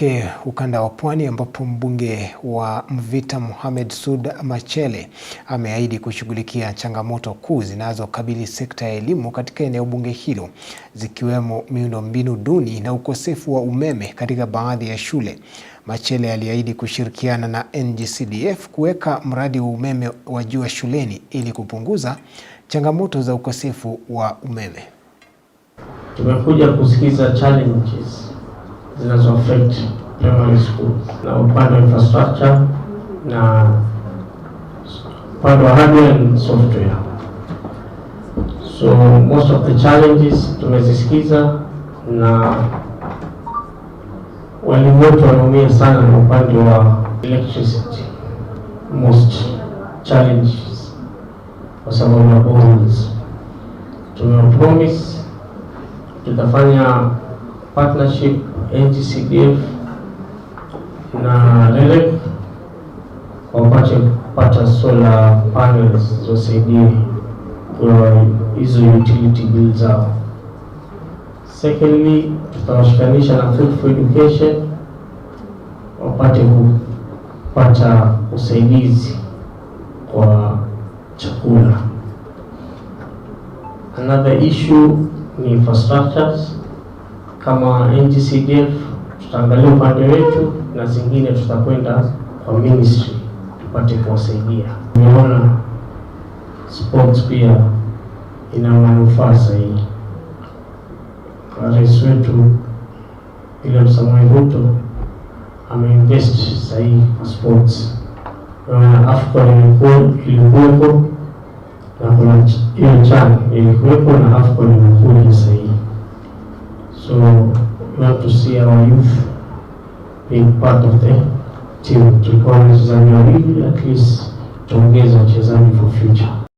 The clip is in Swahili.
Tuelekee ukanda wa Pwani ambapo mbunge wa Mvita Mohamed Sud Machele ameahidi kushughulikia changamoto kuu zinazokabili sekta ya elimu katika eneo bunge hilo zikiwemo miundombinu duni na ukosefu wa umeme katika baadhi ya shule. Machele aliahidi kushirikiana na ngcdf kuweka mradi wa umeme wa jua shuleni ili kupunguza changamoto za ukosefu wa umeme. Tumekuja kusikiza challenges zinazo affect primary school na upande wa infrastructure na upande wa hardware and software. So most of the challenges tumezisikiza na walimu wetu wanaumia sana na upande wa electricity, most challenges kwa sababu ya bonds. Tumewapromise tutafanya partnership NGCDF na REREC wapate kupata solar panels kwa hizo utility bill zao. Secondly, tutawashikanisha na Food for Education wapate kupata usaidizi kwa chakula. Another issue ni infrastructures kama NGCDF tutaangalia upande wetu na zingine tutakwenda kwa ministry tupate kuwasaidia. umeona sports pia ina manufaa zaidi. Rais wetu William Samoei Ruto ameinvest sahihi kwa sports. Naona AFCON ilikuwepo na kuna hiyo CHAN ilikuwepo na AFCON imekuja our youth being part of the team. Tulikuwa na wachezaji wawili at least tuongeze wachezaji for future.